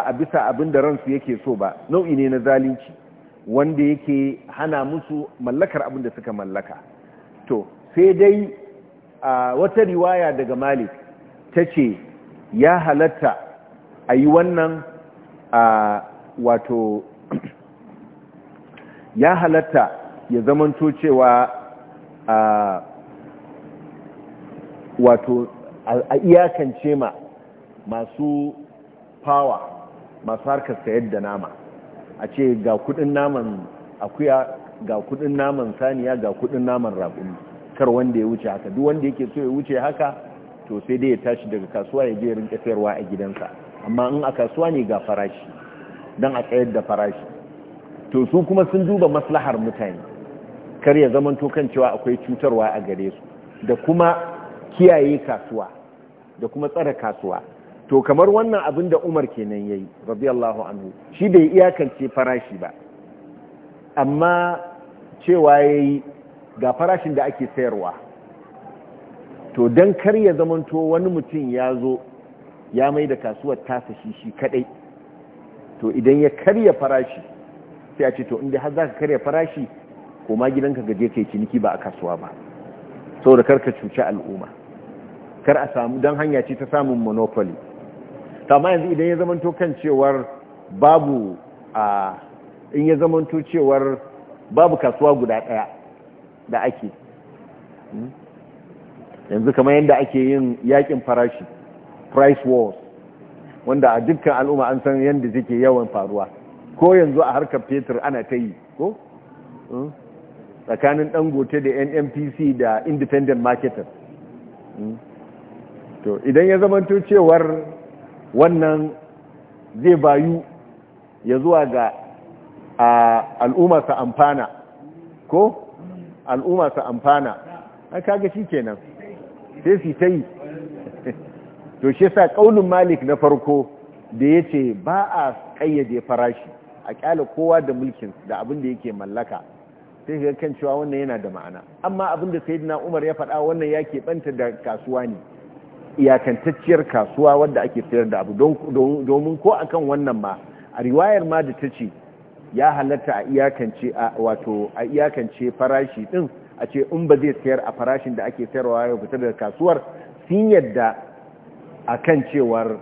a bisa abin da ransu yake so ba nau'i ne na zalunci wanda yake hana musu mallakar abin da suka mallaka to sai dai a wata riwaya daga malik ta ce ya halatta a yi wannan a wato ya halatta ya zamanto cewa a wato a iyakance ma masu fawa masu harkar sayar da nama a ce ga kudin naman akuya ga kudin naman saniya ga kudin naman raƙumi kar wanda ya wuce haka duk wanda yake so ya wuce haka to sai dai ya tashi daga kasuwa ya je rinka sayarwa a gidansa amma in a kasuwa ne ga farashi dan a tsayar da farashi to su kuma sun duba maslahar mutane kar ya zamanto kan cewa akwai cutarwa a gare su da kuma kiyaye kasuwa da kuma tsare kasuwa to kamar wannan abin da umar kenan ya yi radiyallahu anhu shi bai iyakance farashi ba amma cewa ya yi ga farashin da ake sayarwa to don kar ya zamanto wani mutum ya zo ya mai da kasuwar tasa shi shi kadai to idan ya karya farashi sai a ce to inda har za ka karya farashi koma gidanka gaje kai ciniki ba a kasuwa ba saboda karka cuci al'umma kar a samu don hanya ce ta samun monopoly kama yanzu idan ya zamanto kan cewar babu a in ya zamanto cewar babu kasuwa guda daya da ake hmm? yanzu kamar yadda ake yin yakin farashi price wars wanda a dukkan al'umma an san yadda take yawan faruwa ko yanzu a harkar fetur ana ta yi ko hmm? tsakanin gote da nnpc da independent Marketers. Hmm? to idan ya zamanto cewar wannan zai bayu ya zuwa ga al'umma sa amfana ko al'umma sa amfana an kaga shi kenan sai su ta yi to shi sa ƙaunin malik na farko da ya ce ba a ƙayyade farashi a ƙyala kowa da mulkin da abin da yake mallaka sai kan cewa wannan yana da ma'ana amma abin da sayyidina umar ya faɗa wannan ya keɓanta da kasuwa ne iyakantacciyar kasuwa wadda ake sayar da abu domin ko akan wannan ma a riwayar ma da ta ce ya halatta a iyakance wato a iyakance farashi din a ce in ba zai sayar a farashin da ake sayarwa ya fitar da kasuwar sun yadda a kan cewar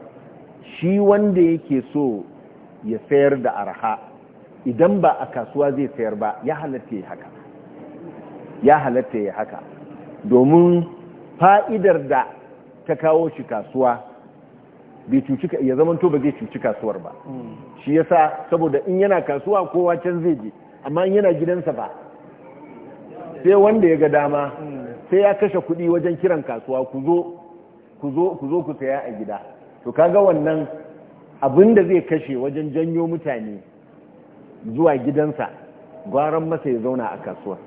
shi wanda yake so ya sayar da arha idan ba a kasuwa zai sayar ba ya halatta ya haka ya halatta ya haka domin fa'idar da ta kawo shi kasuwa bai cuci ya zamanto ba zai cuci kasuwar ba mm. shi yasa saboda in yana kasuwa kowa can zai je amma in yana gidansa ba sai wanda ya ga dama mm. sai ya kashe kuɗi wajen kiran kasuwa ku zo ku ku zo ku saya a gida to kaga wannan abin da zai kashe wajen janyo mutane zuwa gidansa gwaran masa ya zauna a kasuwa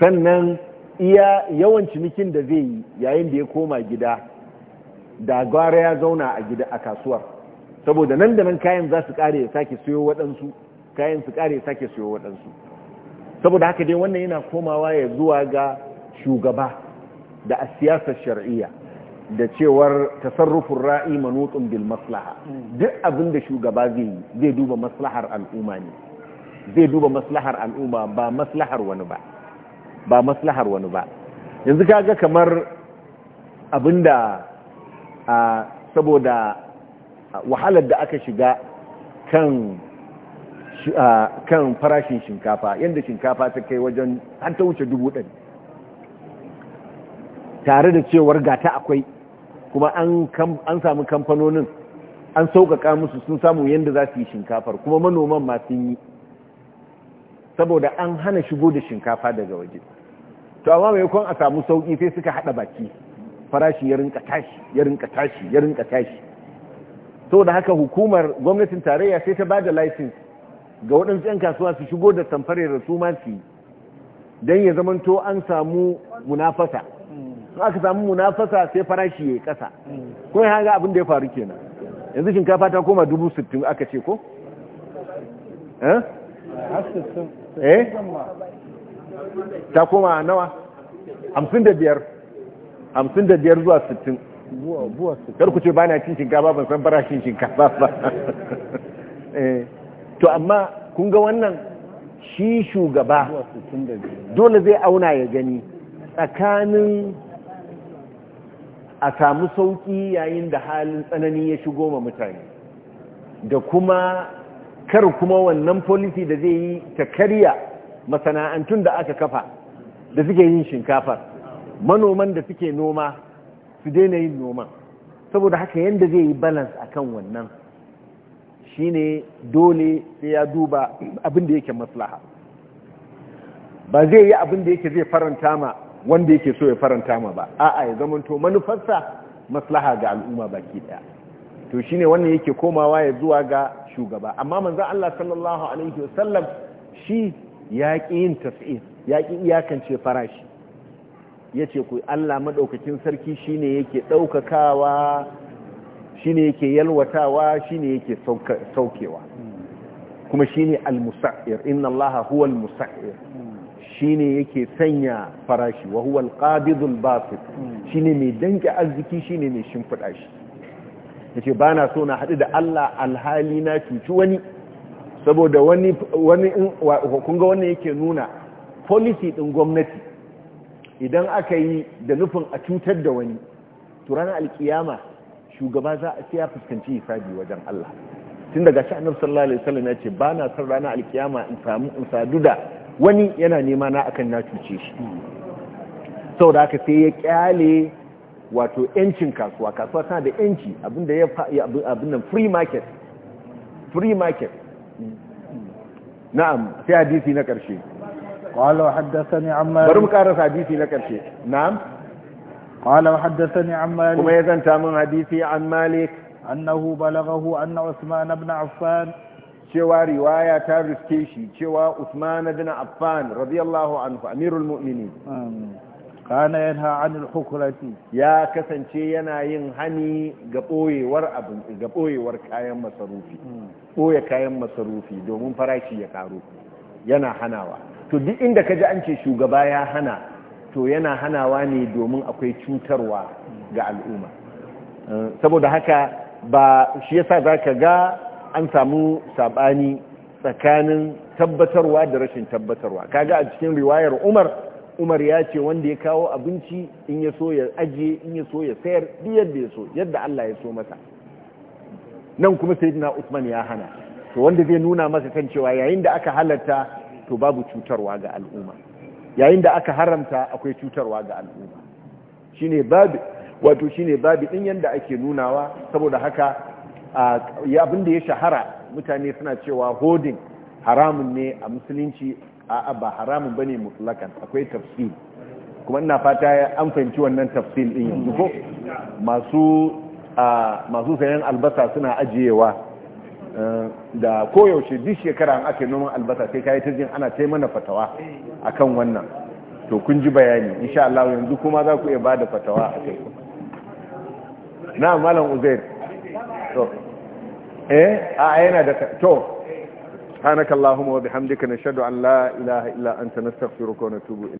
sannan iya yawan cinikin da zai yi yayin da ya koma gida da gwara ya zauna a gida a kasuwar saboda nan da nan kayan za su kare ya sake siyo waɗansu kayan su kare ya sake siyo waɗansu saboda haka dai wannan yana komawa ya zuwa ga shugaba da a siyasar shar'iyya da cewar tasarrufin ra'i manutsun bil maslaha duk abin da shugaba zai yi zai duba maslahar al'umma ne zai duba maslahar al'umma ba maslahar wani ba ba maslahar wani ba yanzu kaga kamar abinda a saboda wahalar da aka shiga kan kan farashin shinkafa yadda shinkafa ta kai wajen an ta wuce dubu ɗari tare da cewar gata akwai kuma an samu kamfanonin an sauƙaƙa musu sun samu yadda za su yi shinkafar kuma manoman masu yi saboda an hana shigo da shinkafa daga waje to amma kwan a samu sauki sai suka haɗa baki farashi ya rinka tashi ya rinka tashi ya rinka tashi da haka hukumar gwamnatin tarayya sai ta bada license ga waɗansu 'yan kasuwa su shigo da tamfare da su masu don ya to an samu munafasa in aka samu munafasa sai farashi ya yi ƙasa kuma ya hanga abin da ya faru kenan yanzu shinkafa ta koma dubu sittin aka ce ko? eh? ta koma nawa hamsin da biyar zuwa sittin kar ku ce ba na cin shinkafa ban san farashin shinkafa ba eh, to amma kun ga wannan shi shugaba dole zai auna ya gani tsakanin a samu sauƙi yayin da halin tsanani ya shigo ma mutane da kuma kar kuma wannan policy da zai yi ta karya masana'antun da aka kafa da suke yin shinkafar manoman da suke noma su daina yin noman saboda haka yadda zai yi balance akan wannan shi ne dole sai ya duba abinda yake maslaha ba zai yi abinda yake zai faranta ma wanda yake so ya faranta ma ba a'a ya zamanto manufarsa maslaha ga al'umma baki daya to shi ne wannan yake komawa ya zuwa ga shugaba amma manzan Allah sallallahu alaihi wasallam shi ya ƙi yin ya ƙi iyakance farashi ya ce ku Allah maɗaukakin sarki shi ne yake ɗaukakawa shi ne yake yalwatawa shi ne yake saukewa kuma shi ne al-musa'ir inna Allah huwa al-musa'ir shi ne yake sanya farashi wa huwa al-qabidul basit shi ne mai danke arziki shi ne mai shimfiɗa shi ya ce ba na so na haɗu da Allah alhali na cuci wani saboda wani wani yake nuna policy din gwamnati idan aka yi da nufin a cutar da wani to alkiyama shugaba za a siya fuskanci hisabi wajen Allah tun daga shi annabi sallallahu alaihi wasallam ya ce ba na san ranar alkiyama in samu in sadu da wani yana nema na akan na cuce shi Sau da aka sai ya kyale wato yancin kasuwa kasuwa tana da yanci abinda ya abin nan free market free market na'am sai hadisi na karshe قال وحدثني عمال برم كارس حديثي لك الشيء نعم قال وحدثني عن مالك وما يزن تامن حديثي عن مالك أنه بلغه أن عثمان بن عفان شوى رواية تارس كيشي شوى عثمان بن عفان رضي الله عنه أمير المؤمنين آمين kana yana anil hukurati ya kasance yana yin hani ga boyewar abin ga boyewar kayan masarufi boye hmm. kayan masarufi domin farashi ya karu yana hanawa to duk inda kaji an ce shugaba ya hana to yana hanawa ne domin akwai cutarwa ga al'umma eh, saboda haka ba shi yasa ka ga an samu saɓani tsakanin tabbatarwa da rashin tabbatarwa kaga a cikin riwayar Umar umar ya ce wanda ya kawo abinci in ya so ya ajiye in ya so ya sayar duk yadda ya so yadda Allah ya so masa nan kuma sayyidina Usman ya hana to wanda zai nuna masa kan cewa yayin da aka halatta to babu cutarwa ga al'umma yayin da aka haramta akwai cutarwa ga al'umma shine babu wato shine babu din yanda ake nunawa saboda haka abin da ya shahara mutane suna cewa hodin haramun ne a musulunci a'a ba haramun bane mutlakan akwai tafsir kuma ina fata an fahimci wannan tafsir din yanzu ko masu masu sayan albasa suna ajiyewa eh, da koyaushe duk shekara an ake noman albasa sai kayi ta jin ana ta mana fatawa akan wannan to kun ji bayani insha Allah yanzu kuma za ku iya ba da fatawa a kai na malam uzair to eh a yana da to subhanakallahumma wa bihamdika nashhadu an la ilaha illa anta nastaghfiruka wa natubu